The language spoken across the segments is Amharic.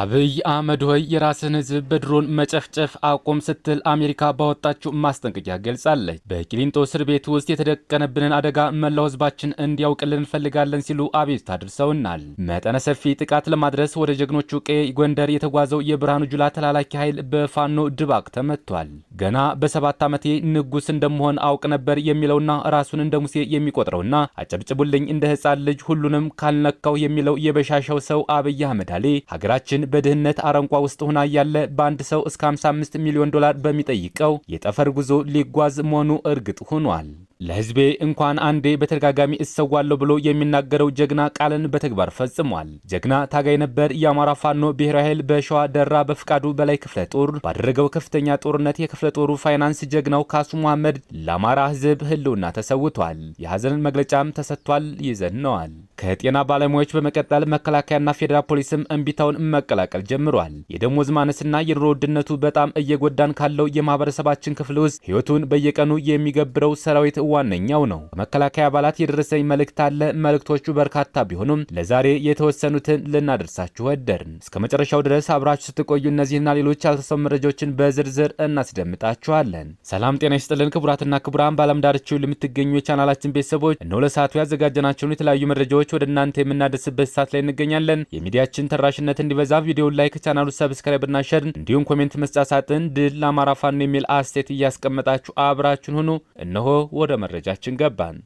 አብይ አህመድ ሆይ የራስን ህዝብ በድሮን መጨፍጨፍ አቁም ስትል አሜሪካ ባወጣችው ማስጠንቀቂያ ገልጻለች። በቂሊንጦ እስር ቤት ውስጥ የተደቀነብንን አደጋ መላው ህዝባችን እንዲያውቅልን እንፈልጋለን ሲሉ አቤቱታ አድርሰውናል። መጠነ ሰፊ ጥቃት ለማድረስ ወደ ጀግኖቹ ቀዬ ጎንደር የተጓዘው የብርሃኑ ጁላ ተላላኪ ኃይል በፋኖ ድባቅ ተመቷል። ገና በሰባት ዓመቴ ንጉስ እንደመሆን አውቅ ነበር የሚለውና ራሱን እንደ ሙሴ የሚቆጥረውና አጨብጭቡልኝ እንደ ሕፃን ልጅ ሁሉንም ካልነካው የሚለው የበሻሻው ሰው አብይ አህመድ አሌ ሀገራችን ሀገራችን በድህነት አረንቋ ውስጥ ሆና ያለ በአንድ ሰው እስከ 55 ሚሊዮን ዶላር በሚጠይቀው የጠፈር ጉዞ ሊጓዝ መሆኑ እርግጥ ሆኗል። ለህዝቤ እንኳን አንዴ በተደጋጋሚ እሰዋለሁ ብሎ የሚናገረው ጀግና ቃልን በተግባር ፈጽሟል። ጀግና ታጋይ ነበር። የአማራ ፋኖ ብሔራዊ ኃይል በሸዋ ደራ በፍቃዱ በላይ ክፍለ ጦር ባደረገው ከፍተኛ ጦርነት የክፍለ ጦሩ ፋይናንስ ጀግናው ካሱ መሐመድ ለአማራ ህዝብ ህልውና ተሰውቷል። የሀዘን መግለጫም ተሰጥቷል። ይዘንነዋል። ከጤና ባለሙያዎች በመቀጠል መከላከያና ፌዴራል ፖሊስም እንቢታውን መቀላቀል ጀምሯል። የደሞዝ ማነስና የኑሮ ውድነቱ በጣም እየጎዳን ካለው የማህበረሰባችን ክፍል ውስጥ ህይወቱን በየቀኑ የሚገብረው ሰራዊት ዋነኛው ነው። ከመከላከያ አባላት የደረሰኝ መልእክት አለ። መልእክቶቹ በርካታ ቢሆኑም ለዛሬ የተወሰኑትን ልናደርሳችሁ ወደርን። እስከ መጨረሻው ድረስ አብራችሁ ስትቆዩ እነዚህና ሌሎች ያልተሰሙ መረጃዎችን በዝርዝር እናስደምጣችኋለን። ሰላም ጤና ይስጥልን ክቡራትና ክቡራን፣ በዓለም ዳርቻው ለምትገኙ የቻናላችን ቤተሰቦች እነሆ ለሰዓቱ ያዘጋጀናቸውን የተለያዩ መረጃዎች መረጃዎች ወደ እናንተ የምናደርስበት ሰዓት ላይ እንገኛለን። የሚዲያችን ተራሽነት እንዲበዛ ቪዲዮን ላይክ፣ ቻናሉ ሰብስክራይብ እና ሸር እንዲሁም ኮሜንት መስጫ ሳጥን ድል ለአማራ ፋኖ የሚል አስተያየት እያስቀመጣችሁ አብራችን ሁኑ። እነሆ ወደ መረጃችን ገባን።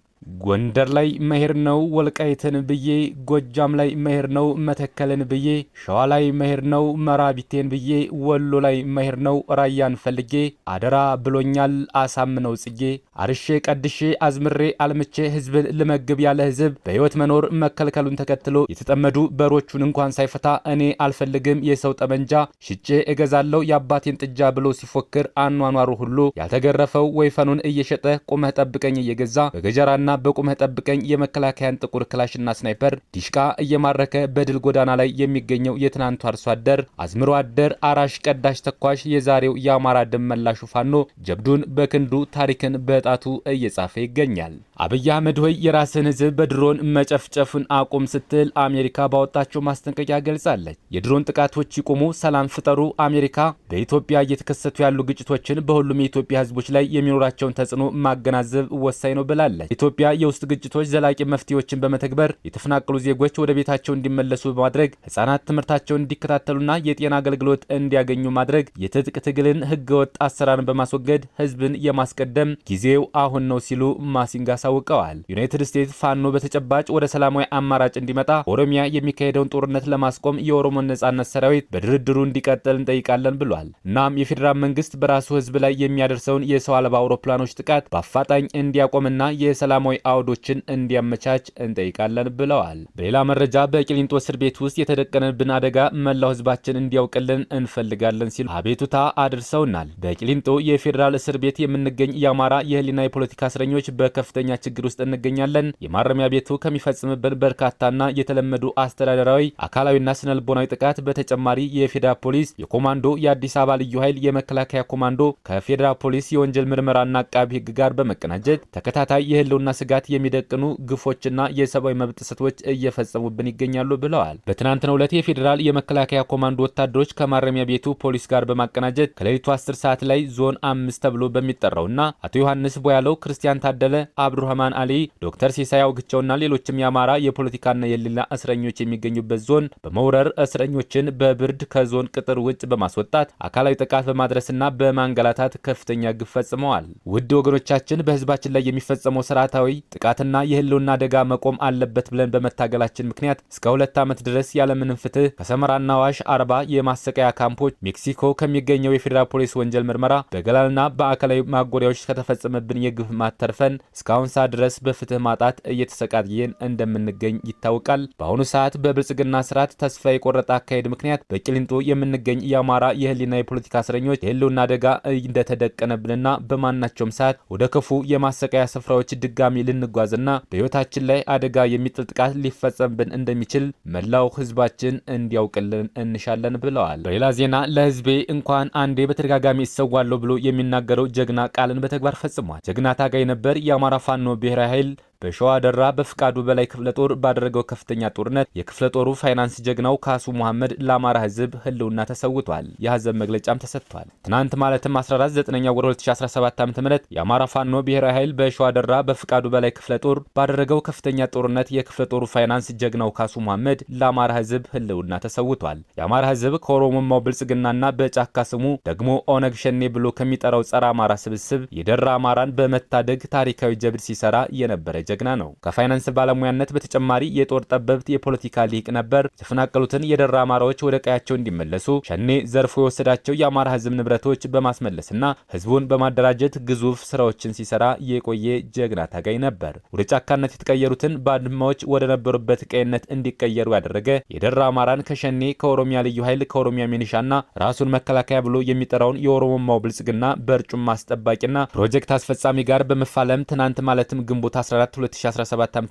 ጎንደር ላይ መሄድ ነው ወልቃይትን ብዬ፣ ጎጃም ላይ መሄድ ነው መተከልን ብዬ፣ ሸዋ ላይ መሄድ ነው መራቢቴን ብዬ፣ ወሎ ላይ መሄድ ነው ራያን ፈልጌ አደራ ብሎኛል አሳምነው ጽጌ አርሼ ቀድሼ አዝምሬ አልምቼ ህዝብን ልመግብ ያለ ህዝብ በህይወት መኖር መከልከሉን ተከትሎ የተጠመዱ በሮቹን እንኳን ሳይፈታ እኔ አልፈልግም የሰው ጠመንጃ ሽጬ እገዛለሁ የአባቴን ጥጃ ብሎ ሲፎክር አኗኗሩ ሁሉ ያልተገረፈው ወይፈኑን እየሸጠ ቁመህ ጠብቀኝ እየገዛ በገጀራና በቁመህ ጠብቀኝ የመከላከያን ጥቁር ክላሽና ስናይፐር ዲሽቃ እየማረከ በድል ጎዳና ላይ የሚገኘው የትናንቱ አርሶ አደር አዝምሮ አደር አራሽ ቀዳሽ ተኳሽ የዛሬው የአማራ ደም መላሹ ፋኖ ጀብዱን በክንዱ ታሪክን በጣ ወጣቱ እየጻፈ ይገኛል። አብይ አህመድ ሆይ የራስን ህዝብ በድሮን መጨፍጨፉን አቁም ስትል አሜሪካ ባወጣቸው ማስጠንቀቂያ ገልጻለች። የድሮን ጥቃቶች ይቁሙ፣ ሰላም ፍጠሩ። አሜሪካ በኢትዮጵያ እየተከሰቱ ያሉ ግጭቶችን በሁሉም የኢትዮጵያ ህዝቦች ላይ የሚኖራቸውን ተጽዕኖ ማገናዘብ ወሳኝ ነው ብላለች። ኢትዮጵያ የውስጥ ግጭቶች ዘላቂ መፍትሄዎችን በመተግበር የተፈናቀሉ ዜጎች ወደ ቤታቸው እንዲመለሱ በማድረግ ህጻናት ትምህርታቸውን እንዲከታተሉና የጤና አገልግሎት እንዲያገኙ ማድረግ፣ የትጥቅ ትግልን ህገወጥ አሰራርን በማስወገድ ህዝብን የማስቀደም ጊዜ ጊዜው አሁን ነው ሲሉ ማሲንጋ አሳውቀዋል። ዩናይትድ ስቴትስ ፋኖ በተጨባጭ ወደ ሰላማዊ አማራጭ እንዲመጣ ኦሮሚያ የሚካሄደውን ጦርነት ለማስቆም የኦሮሞ ነጻነት ሰራዊት በድርድሩ እንዲቀጥል እንጠይቃለን ብሏል። እናም የፌዴራል መንግስት በራሱ ህዝብ ላይ የሚያደርሰውን የሰው አልባ አውሮፕላኖች ጥቃት በአፋጣኝ እንዲያቆምና የሰላማዊ አውዶችን እንዲያመቻች እንጠይቃለን ብለዋል። በሌላ መረጃ በቅሊንጦ እስር ቤት ውስጥ የተደቀነብን አደጋ መላው ህዝባችን እንዲያውቅልን እንፈልጋለን ሲሉ አቤቱታ አድርሰውናል። በቅሊንጦ የፌዴራል እስር ቤት የምንገኝ የአማራ የህሊና የፖለቲካ እስረኞች በከፍተኛ ችግር ውስጥ እንገኛለን። የማረሚያ ቤቱ ከሚፈጽምብን በርካታና የተለመዱ አስተዳደራዊ አካላዊና ስነ ልቦናዊ ጥቃት በተጨማሪ የፌዴራል ፖሊስ፣ የኮማንዶ፣ የአዲስ አበባ ልዩ ኃይል፣ የመከላከያ ኮማንዶ ከፌዴራል ፖሊስ የወንጀል ምርመራና አቃቢ ህግ ጋር በመቀናጀት ተከታታይ የህልውና ስጋት የሚደቅኑ ግፎችና የሰብአዊ መብት ጥሰቶች እየፈጸሙብን ይገኛሉ ብለዋል። በትናንትናው ዕለት የፌዴራል የመከላከያ ኮማንዶ ወታደሮች ከማረሚያ ቤቱ ፖሊስ ጋር በማቀናጀት ከሌሊቱ 10 ሰዓት ላይ ዞን አምስት ተብሎ በሚጠራውና አቶ ዮሐንስ ተሰብስቦ ያለው ክርስቲያን ታደለ፣ አብዱራህማን አሊ፣ ዶክተር ሲሳይ አውግቸውና ሌሎችም የአማራ የፖለቲካና የሌላ እስረኞች የሚገኙበት ዞን በመውረር እስረኞችን በብርድ ከዞን ቅጥር ውጭ በማስወጣት አካላዊ ጥቃት በማድረስና በማንገላታት ከፍተኛ ግፍ ፈጽመዋል። ውድ ወገኖቻችን በህዝባችን ላይ የሚፈጸመው ስርዓታዊ ጥቃትና የህልውና አደጋ መቆም አለበት ብለን በመታገላችን ምክንያት እስከ ሁለት ዓመት ድረስ ያለምንም ፍትህ ከሰመራና አዋሽ አርባ የማሰቃያ ካምፖች ሜክሲኮ ከሚገኘው የፌዴራል ፖሊስ ወንጀል ምርመራ በገላልና በአካላዊ ማጎሪያዎች ከተፈጸመ ከደረሰብን የግፍ ማተርፈን እስካሁን ሰዓት ድረስ በፍትህ ማጣት እየተሰቃየን እንደምንገኝ ይታወቃል። በአሁኑ ሰዓት በብልጽግና ስርዓት ተስፋ የቆረጠ አካሄድ ምክንያት በቂሊንጦ የምንገኝ የአማራ የህሊና የፖለቲካ እስረኞች የህልውና አደጋ እንደተደቀነብንና በማናቸውም ሰዓት ወደ ክፉ የማሰቃያ ስፍራዎች ድጋሚ ልንጓዝና በህይወታችን ላይ አደጋ የሚጥል ጥቃት ሊፈጸምብን እንደሚችል መላው ህዝባችን እንዲያውቅልን እንሻለን ብለዋል። በሌላ ዜና ለህዝቤ እንኳን አንዴ በተደጋጋሚ ይሰዋለሁ ብሎ የሚናገረው ጀግና ቃልን በተግባር ፈጽሟል። ጀግና ታጋይ ነበር። የአማራ ፋኖ ብሔራዊ ኃይል በሸዋ ደራ በፍቃዱ በላይ ክፍለ ጦር ባደረገው ከፍተኛ ጦርነት የክፍለ ጦሩ ፋይናንስ ጀግናው ካሱ መሐመድ ለአማራ ህዝብ ህልውና ተሰውቷል። የሀዘን መግለጫም ተሰጥቷል። ትናንት ማለትም 149 ወር 2017 ዓ.ም የአማራ ፋኖ ብሔራዊ ኃይል በሸዋ ደራ በፍቃዱ በላይ ክፍለ ጦር ባደረገው ከፍተኛ ጦርነት የክፍለ ጦሩ ፋይናንስ ጀግናው ካሱ መሐመድ ለአማራ ህዝብ ህልውና ተሰውቷል። የአማራ ህዝብ ከኦሮሞማው ብልጽግናና በጫካ ስሙ ደግሞ ኦነግ ሸኔ ብሎ ከሚጠራው ጸረ አማራ ስብስብ የደራ አማራን በመታደግ ታሪካዊ ጀብድ ሲሰራ የነበረ ጀግና ነው። ከፋይናንስ ባለሙያነት በተጨማሪ የጦር ጠበብት፣ የፖለቲካ ሊቅ ነበር። የተፈናቀሉትን የደራ አማራዎች ወደ ቀያቸው እንዲመለሱ ሸኔ ዘርፎ የወሰዳቸው የአማራ ህዝብ ንብረቶች በማስመለስና ህዝቡን በማደራጀት ግዙፍ ስራዎችን ሲሰራ የቆየ ጀግና ታጋይ ነበር። ወደ ጫካነት የተቀየሩትን ባድማዎች ወደ ነበሩበት ቀይነት እንዲቀየሩ ያደረገ የደራ አማራን ከሸኔ ከኦሮሚያ ልዩ ኃይል ከኦሮሚያ ሚኒሻና ራሱን መከላከያ ብሎ የሚጠራውን የኦሮሞማው ብልጽግና በእርጩም ማስጠባቂና ፕሮጀክት አስፈጻሚ ጋር በመፋለም ትናንት ማለትም ግንቦት 14 2017 ዓ.ም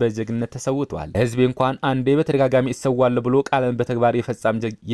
በጀግንነት ተሰውቷል። ለህዝቤ እንኳን አንዴ በተደጋጋሚ እሰዋለሁ ብሎ ቃልን በተግባር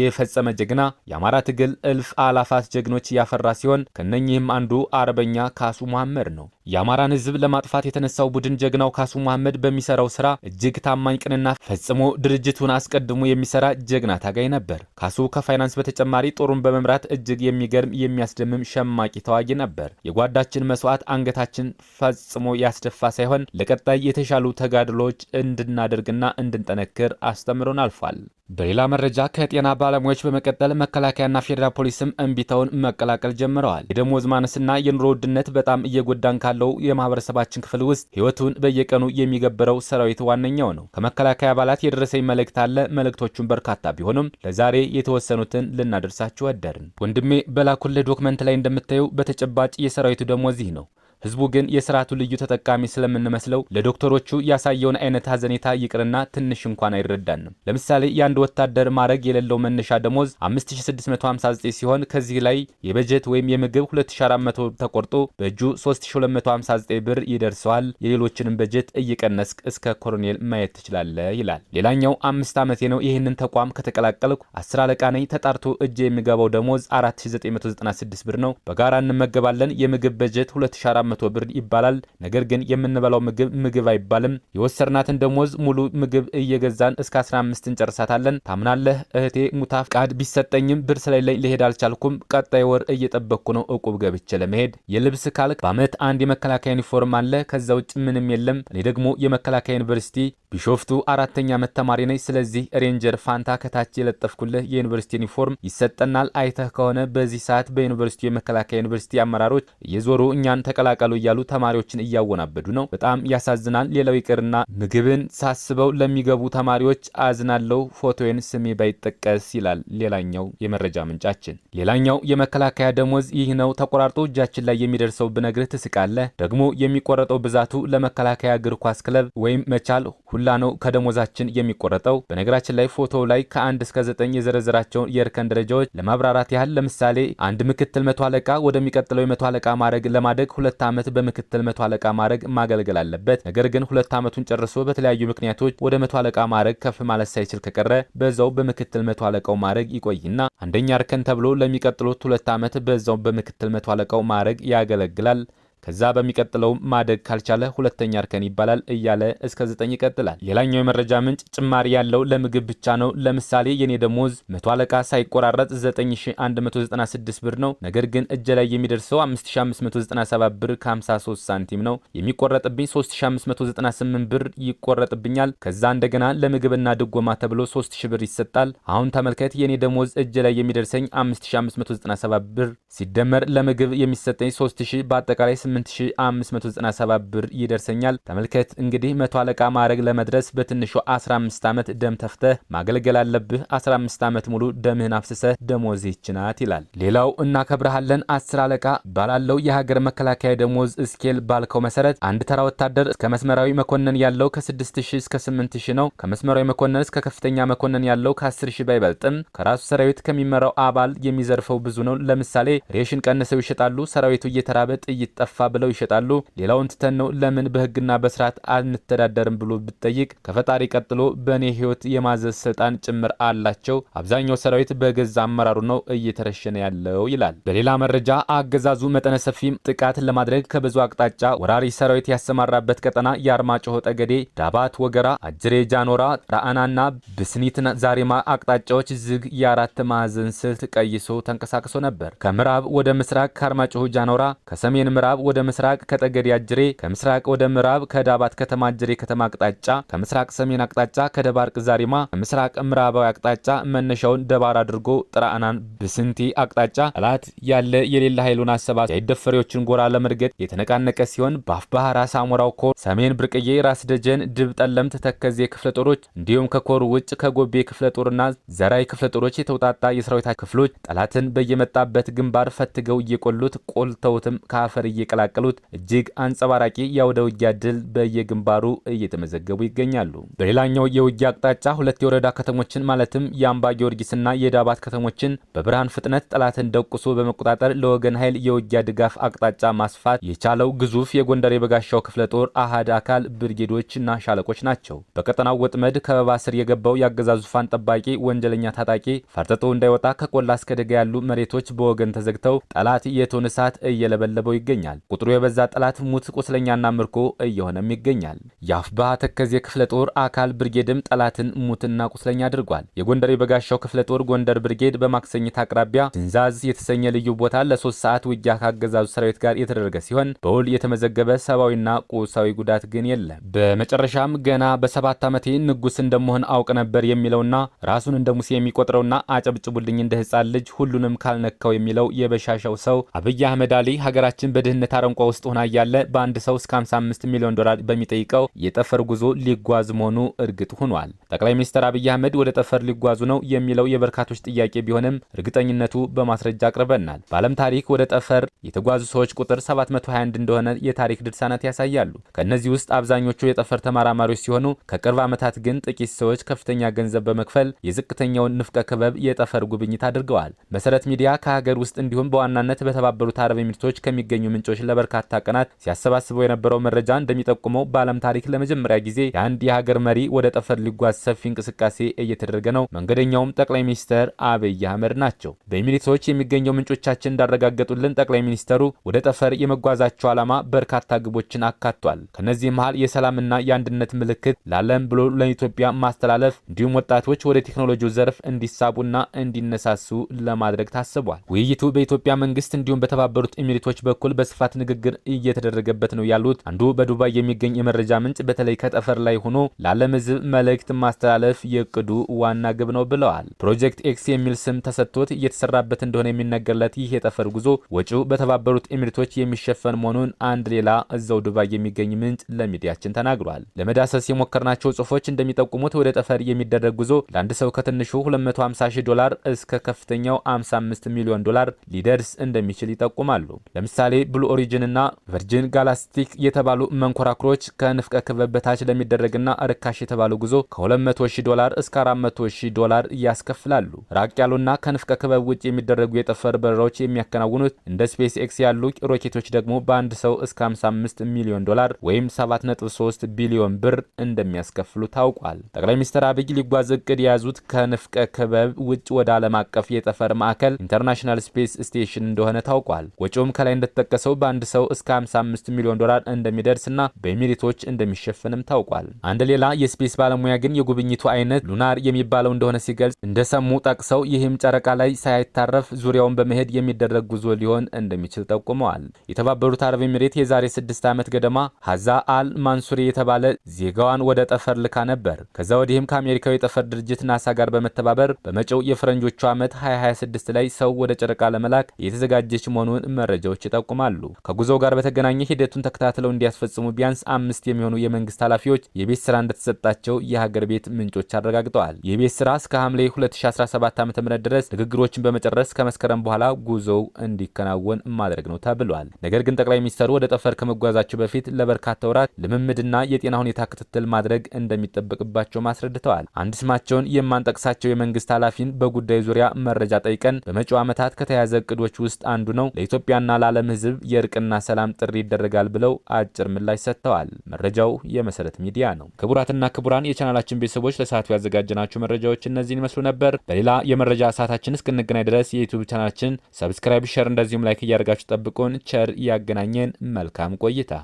የፈጸመ ጀግና የአማራ ትግል እልፍ አላፋት ጀግኖች ያፈራ ሲሆን ከነኚህም አንዱ አርበኛ ካሱ መሐመድ ነው። የአማራን ህዝብ ለማጥፋት የተነሳው ቡድን ጀግናው ካሱ መሐመድ በሚሰራው ስራ እጅግ ታማኝ፣ ቅንና ፈጽሞ ድርጅቱን አስቀድሞ የሚሰራ ጀግና ታጋይ ነበር። ካሱ ከፋይናንስ በተጨማሪ ጦሩን በመምራት እጅግ የሚገርም የሚያስደምም ሸማቂ ተዋጊ ነበር። የጓዳችን መስዋዕት አንገታችን ፈጽሞ ያስደፋ ሳይሆን ለቀጣይ የተሻሉ ተጋድሎች እንድናደርግና እንድንጠነክር አስተምሮን አልፏል። በሌላ መረጃ ከጤና ባለሙያዎች በመቀጠል መከላከያና ፌዴራል ፖሊስም እምቢታውን መቀላቀል ጀምረዋል። የደሞዝ ማነስና የኑሮ ውድነት በጣም እየጎዳን ካለው የማህበረሰባችን ክፍል ውስጥ ህይወቱን በየቀኑ የሚገብረው ሰራዊት ዋነኛው ነው። ከመከላከያ አባላት የደረሰኝ መልእክት አለ። መልእክቶቹን በርካታ ቢሆኑም ለዛሬ የተወሰኑትን ልናደርሳችሁ ወደርን። ወንድሜ በላኩል ዶክመንት ላይ እንደምታየው በተጨባጭ የሰራዊቱ ደሞዝ ይህ ነው። ህዝቡ ግን የስርዓቱ ልዩ ተጠቃሚ ስለምንመስለው ለዶክተሮቹ ያሳየውን አይነት ሀዘኔታ ይቅርና ትንሽ እንኳን አይረዳንም። ለምሳሌ የአንድ ወታደር ማዕረግ የሌለው መነሻ ደሞዝ 5659 ሲሆን ከዚህ ላይ የበጀት ወይም የምግብ 2400 ተቆርጦ በእጁ 3259 ብር ይደርሰዋል። የሌሎችንም በጀት እየቀነስክ እስከ ኮሎኔል ማየት ትችላለህ ይላል። ሌላኛው አምስት ዓመቴ ነው ይህንን ተቋም ከተቀላቀልኩ አስር አለቃ ነኝ። ተጣርቶ እጅ የሚገባው ደሞዝ 4996 ብር ነው። በጋራ እንመገባለን። የምግብ በጀት 24 መቶ ብር ይባላል። ነገር ግን የምንበላው ምግብ ምግብ አይባልም። የወሰርናትን ደሞዝ ሙሉ ምግብ እየገዛን እስከ 15 እንጨርሳታለን። ታምናለህ? እህቴ ሙታ ፍቃድ ቢሰጠኝም ብር ስለሌለኝ ልሄድ አልቻልኩም። ቀጣይ ወር እየጠበቅኩ ነው እቁብ ገብቼ ለመሄድ። የልብስ ካልክ በአመት አንድ የመከላከያ ዩኒፎርም አለ። ከዛ ውጭ ምንም የለም። እኔ ደግሞ የመከላከያ ዩኒቨርሲቲ ቢሾፍቱ አራተኛ ዓመት ተማሪ ነኝ። ስለዚህ ሬንጀር ፋንታ ከታች የለጠፍኩልህ የዩኒቨርሲቲ ዩኒፎርም ይሰጠናል። አይተህ ከሆነ በዚህ ሰዓት በዩኒቨርሲቲ የመከላከያ ዩኒቨርሲቲ አመራሮች እየዞሩ እኛን ተቀላቀ ተቀላቀሉ እያሉ ተማሪዎችን እያወናበዱ ነው። በጣም ያሳዝናል። ሌላው ይቅርና ምግብን ሳስበው ለሚገቡ ተማሪዎች አዝናለው ፎቶዬን ስሜ ባይጠቀስ ይላል ሌላኛው የመረጃ ምንጫችን። ሌላኛው የመከላከያ ደሞዝ ይህ ነው። ተቆራርጦ እጃችን ላይ የሚደርሰው ብነግርህ ትስቃለህ። ደግሞ የሚቆረጠው ብዛቱ ለመከላከያ እግር ኳስ ክለብ ወይም መቻል ሁላ ነው ከደሞዛችን የሚቆረጠው። በነገራችን ላይ ፎቶው ላይ ከአንድ እስከ ዘጠኝ የዘረዘራቸውን የእርከን ደረጃዎች ለማብራራት ያህል ለምሳሌ አንድ ምክትል መቶ አለቃ ወደሚቀጥለው የመቶ አለቃ ማድረግ ለማደግ ሁለት ዓመት በምክትል መቶ አለቃ ማዕረግ ማገልገል አለበት። ነገር ግን ሁለት ዓመቱን ጨርሶ በተለያዩ ምክንያቶች ወደ መቶ አለቃ ማዕረግ ከፍ ማለት ሳይችል ከቀረ በዛው በምክትል መቶ አለቃው ማዕረግ ይቆይና አንደኛ እርከን ተብሎ ለሚቀጥሉት ሁለት ዓመት በዛው በምክትል መቶ አለቃው ማዕረግ ያገለግላል። ከዛ በሚቀጥለው ማደግ ካልቻለ ሁለተኛ እርከን ይባላል እያለ እስከ ዘጠኝ ይቀጥላል። ሌላኛው የመረጃ ምንጭ ጭማሪ ያለው ለምግብ ብቻ ነው። ለምሳሌ የኔ ደሞዝ መቶ አለቃ ሳይቆራረጥ 9196 ብር ነው። ነገር ግን እጀ ላይ የሚደርሰው 5597 ብር ከ53 ሳንቲም ነው። የሚቆረጥብኝ 3598 ብር ይቆረጥብኛል። ከዛ እንደገና ለምግብና ድጎማ ተብሎ 3000 ብር ይሰጣል። አሁን ተመልከት፣ የኔ ደሞዝ እጀ ላይ የሚደርሰኝ 5597 ብር ሲደመር ለምግብ የሚሰጠኝ 3000 በአጠቃላይ 18597 ብር ይደርሰኛል። ተመልከት እንግዲህ መቶ አለቃ ማዕረግ ለመድረስ በትንሹ 15 ዓመት ደም ተፍተህ ማገልገል አለብህ። 15 ዓመት ሙሉ ደምህን አፍስሰህ ደሞዝ ይህች ናት ይላል። ሌላው እናከብረሃለን አስር አለቃ ባላለው የሀገር መከላከያ ደሞዝ እስኬል ባልከው መሰረት አንድ ተራ ወታደር እስከ መስመራዊ መኮንን ያለው ከ6000 እስከ 8000 ነው። ከመስመራዊ መኮንን እስከ ከፍተኛ መኮንን ያለው ከ10000 ባይበልጥም ከራሱ ሰራዊት ከሚመራው አባል የሚዘርፈው ብዙ ነው። ለምሳሌ ሬሽን ቀንሰው ይሸጣሉ። ሰራዊቱ እየተራበ ጥይት ጠፋ ብለው ይሸጣሉ። ሌላውን ትተን ነው ለምን በህግና በስርዓት አንተዳደርም ብሎ ብጠይቅ ከፈጣሪ ቀጥሎ በእኔ ህይወት የማዘዝ ስልጣን ጭምር አላቸው። አብዛኛው ሰራዊት በገዛ አመራሩ ነው እየተረሸነ ያለው ይላል። በሌላ መረጃ አገዛዙ መጠነ ሰፊ ጥቃት ለማድረግ ከብዙ አቅጣጫ ወራሪ ሰራዊት ያሰማራበት ቀጠና የአርማጭሆ ጠገዴ፣ ዳባት፣ ወገራ፣ አጅሬ፣ ጃኖራ፣ ራአናና ብስኒት ዛሬማ አቅጣጫዎች ዝግ የአራት ማዕዘን ስልት ቀይሶ ተንቀሳቅሶ ነበር። ከምዕራብ ወደ ምስራቅ ከአርማጭሆ ጃኖራ፣ ከሰሜን ምዕራብ ወደ ምስራቅ ከጠገዴ አጅሬ፣ ከምስራቅ ወደ ምዕራብ ከዳባት ከተማ አጅሬ ከተማ አቅጣጫ፣ ከምስራቅ ሰሜን አቅጣጫ ከደባርቅ ዛሪማ፣ ከምስራቅ ምዕራባዊ አቅጣጫ መነሻውን ደባር አድርጎ ጥራአናን ብስንቲ አቅጣጫ ጠላት ያለ የሌለ ኃይሉን አሰባ የአይደፈሪዎችን ጎራ ለመርገጥ የተነቃነቀ ሲሆን በአፍባህራ ሳሞራው ኮር ሰሜን ብርቅዬ፣ ራስ ደጀን፣ ድብ ጠለምት፣ ተከዜ ክፍለ ጦሮች እንዲሁም ከኮር ውጭ ከጎቤ ክፍለ ጦርና ዘራይ ክፍለ ጦሮች የተውጣጣ የሰራዊታ ክፍሎች ጠላትን በየመጣበት ግንባር ፈትገው እየቆሉት ቆልተውትም ከአፈር እየቀላ የተቀላቀሉት እጅግ አንጸባራቂ የአውደ ውጊያ ድል በየግንባሩ እየተመዘገቡ ይገኛሉ። በሌላኛው የውጊያ አቅጣጫ ሁለት የወረዳ ከተሞችን ማለትም የአምባ ጊዮርጊስና የዳባት ከተሞችን በብርሃን ፍጥነት ጠላትን ደቁሶ በመቆጣጠር ለወገን ኃይል የውጊያ ድጋፍ አቅጣጫ ማስፋት የቻለው ግዙፍ የጎንደር የበጋሻው ክፍለ ጦር አሃድ አካል ብርጌዶችና ሻለቆች ናቸው። በቀጠናው ወጥመድ ከበባ ስር የገባው የአገዛዙ ዙፋን ጠባቂ ወንጀለኛ ታጣቂ ፈርጥጦ እንዳይወጣ ከቆላ እስከ ደጋ ያሉ መሬቶች በወገን ተዘግተው ጠላት የቶን እሳት እየለበለበው ይገኛል። ቁጥሩ የበዛ ጠላት ሙት፣ ቁስለኛና ምርኮ እየሆነም ይገኛል። የአፍባ ተከዜ ክፍለ ጦር አካል ብርጌድም ጠላትን ሙትና ቁስለኛ አድርጓል። የጎንደር የበጋሻው ክፍለ ጦር ጎንደር ብርጌድ በማክሰኝት አቅራቢያ ትንዛዝ የተሰኘ ልዩ ቦታ ለሶስት ሰዓት ውጊያ ካገዛዙ ሰራዊት ጋር የተደረገ ሲሆን በውል የተመዘገበ ሰብአዊና ቁሳዊ ጉዳት ግን የለም። በመጨረሻም ገና በሰባት ዓመቴ ንጉስ እንደመሆን አውቅ ነበር የሚለውና ራሱን እንደ ሙሴ የሚቆጥረውና አጨብጭቡልኝ እንደ ህፃን ልጅ ሁሉንም ካልነካው የሚለው የበሻሻው ሰው አብይ አህመድ አሊ ሀገራችን በድህነት አረንቋ ውስጥ ሆና እያለ በአንድ ሰው እስከ 55 ሚሊዮን ዶላር በሚጠይቀው የጠፈር ጉዞ ሊጓዝ መሆኑ እርግጥ ሆኗል። ጠቅላይ ሚኒስትር አብይ አህመድ ወደ ጠፈር ሊጓዙ ነው የሚለው የበርካቶች ጥያቄ ቢሆንም እርግጠኝነቱ በማስረጃ አቅርበናል። በዓለም ታሪክ ወደ ጠፈር የተጓዙ ሰዎች ቁጥር 721 እንደሆነ የታሪክ ድርሳናት ያሳያሉ። ከእነዚህ ውስጥ አብዛኞቹ የጠፈር ተመራማሪዎች ሲሆኑ ከቅርብ ዓመታት ግን ጥቂት ሰዎች ከፍተኛ ገንዘብ በመክፈል የዝቅተኛውን ንፍቀ ክበብ የጠፈር ጉብኝት አድርገዋል። መሰረት ሚዲያ ከሀገር ውስጥ እንዲሁም በዋናነት በተባበሩት አረብ ኤሚሬቶች ከሚገኙ ምንጮች ለበርካታ ቀናት ሲያሰባስበው የነበረው መረጃ እንደሚጠቁመው በዓለም ታሪክ ለመጀመሪያ ጊዜ የአንድ የሀገር መሪ ወደ ጠፈር ሊጓዝ ሰፊ እንቅስቃሴ እየተደረገ ነው። መንገደኛውም ጠቅላይ ሚኒስተር አብይ አህመድ ናቸው። በኢሚሬቶች የሚገኘው ምንጮቻችን እንዳረጋገጡልን ጠቅላይ ሚኒስተሩ ወደ ጠፈር የመጓዛቸው ዓላማ በርካታ ግቦችን አካቷል። ከነዚህ መሃል የሰላምና የአንድነት ምልክት ለዓለም ብሎ ለኢትዮጵያ ማስተላለፍ እንዲሁም ወጣቶች ወደ ቴክኖሎጂው ዘርፍ እንዲሳቡና እንዲነሳሱ ለማድረግ ታስቧል። ውይይቱ በኢትዮጵያ መንግስት እንዲሁም በተባበሩት ኢሚሬቶች በኩል በስፋት የማንቃት ንግግር እየተደረገበት ነው ያሉት አንዱ በዱባይ የሚገኝ የመረጃ ምንጭ በተለይ ከጠፈር ላይ ሆኖ ለዓለም ሕዝብ መልእክት ማስተላለፍ የእቅዱ ዋና ግብ ነው ብለዋል። ፕሮጀክት ኤክስ የሚል ስም ተሰጥቶት እየተሰራበት እንደሆነ የሚነገርለት ይህ የጠፈር ጉዞ ወጪው በተባበሩት ኤሚሬቶች የሚሸፈን መሆኑን አንድ ሌላ እዛው ዱባይ የሚገኝ ምንጭ ለሚዲያችን ተናግሯል። ለመዳሰስ የሞከርናቸው ጽሑፎች እንደሚጠቁሙት ወደ ጠፈር የሚደረግ ጉዞ ለአንድ ሰው ከትንሹ 250 ሺህ ዶላር እስከ ከፍተኛው 55 ሚሊዮን ዶላር ሊደርስ እንደሚችል ይጠቁማሉ። ለምሳሌ ብሉ ኦሪጅንና ቨርጂን ጋላስቲክ የተባሉ መንኮራኩሮች ከንፍቀ ክበብ በታች ለሚደረግና ርካሽ የተባሉ ጉዞ ከ 200 ዶላር እስከ 400ሺ ዶላር ያስከፍላሉ። ራቅ ያሉና ከንፍቀ ክበብ ውጭ የሚደረጉ የጠፈር በረራዎች የሚያከናውኑት እንደ ስፔስ ኤክስ ያሉ ሮኬቶች ደግሞ በአንድ ሰው እስከ 55 ሚሊዮን ዶላር ወይም 7.3 ቢሊዮን ብር እንደሚያስከፍሉ ታውቋል። ጠቅላይ ሚኒስትር አብይ ሊጓዝ እቅድ የያዙት ከንፍቀ ክበብ ውጭ ወደ ዓለም አቀፍ የጠፈር ማዕከል ኢንተርናሽናል ስፔስ ስቴሽን እንደሆነ ታውቋል። ወጪውም ከላይ እንደተጠቀሰው በ አንድ ሰው እስከ 55 ሚሊዮን ዶላር እንደሚደርስና በኤሚሬቶች እንደሚሸፍንም ታውቋል። አንድ ሌላ የስፔስ ባለሙያ ግን የጉብኝቱ አይነት ሉናር የሚባለው እንደሆነ ሲገልጽ እንደሰሙ ጠቅሰው ይህም ጨረቃ ላይ ሳይታረፍ ዙሪያውን በመሄድ የሚደረግ ጉዞ ሊሆን እንደሚችል ጠቁመዋል። የተባበሩት አረብ ኤሚሬት የዛሬ ስድስት ዓመት ገደማ ሀዛ አል ማንሱሪ የተባለ ዜጋዋን ወደ ጠፈር ልካ ነበር። ከዛ ወዲህም ከአሜሪካዊ የጠፈር ድርጅት ናሳ ጋር በመተባበር በመጪው የፈረንጆቹ ዓመት 2026 ላይ ሰው ወደ ጨረቃ ለመላክ እየተዘጋጀች መሆኑን መረጃዎች ይጠቁማሉ። ከጉዞው ጋር በተገናኘ ሂደቱን ተከታትለው እንዲያስፈጽሙ ቢያንስ አምስት የሚሆኑ የመንግስት ኃላፊዎች የቤት ስራ እንደተሰጣቸው የሀገር ቤት ምንጮች አረጋግጠዋል። የቤት ስራ እስከ ሐምሌ 2017 ዓ ም ድረስ ንግግሮችን በመጨረስ ከመስከረም በኋላ ጉዞው እንዲከናወን ማድረግ ነው ተብሏል። ነገር ግን ጠቅላይ ሚኒስተሩ ወደ ጠፈር ከመጓዛቸው በፊት ለበርካታ ወራት ልምምድና የጤና ሁኔታ ክትትል ማድረግ እንደሚጠበቅባቸው አስረድተዋል። አንድ ስማቸውን የማንጠቅሳቸው የመንግስት ኃላፊን በጉዳዩ ዙሪያ መረጃ ጠይቀን በመጪው ዓመታት ከተያዘ እቅዶች ውስጥ አንዱ ነው ለኢትዮጵያና ለዓለም ህዝብ የእርቅ እርቅና ሰላም ጥሪ ይደረጋል ብለው አጭር ምላሽ ሰጥተዋል። መረጃው የመሰረት ሚዲያ ነው። ክቡራትና ክቡራን የቻናላችን ቤተሰቦች ለሰዓቱ ያዘጋጀናቸው መረጃዎች እነዚህን ይመስሉ ነበር። በሌላ የመረጃ ሰዓታችን እስክንገናኝ ድረስ የዩቱብ ቻናላችን ሰብስክራይብ፣ ሸር እንደዚሁም ላይክ እያደርጋችሁ ጠብቁን። ቸር እያገናኘን መልካም ቆይታ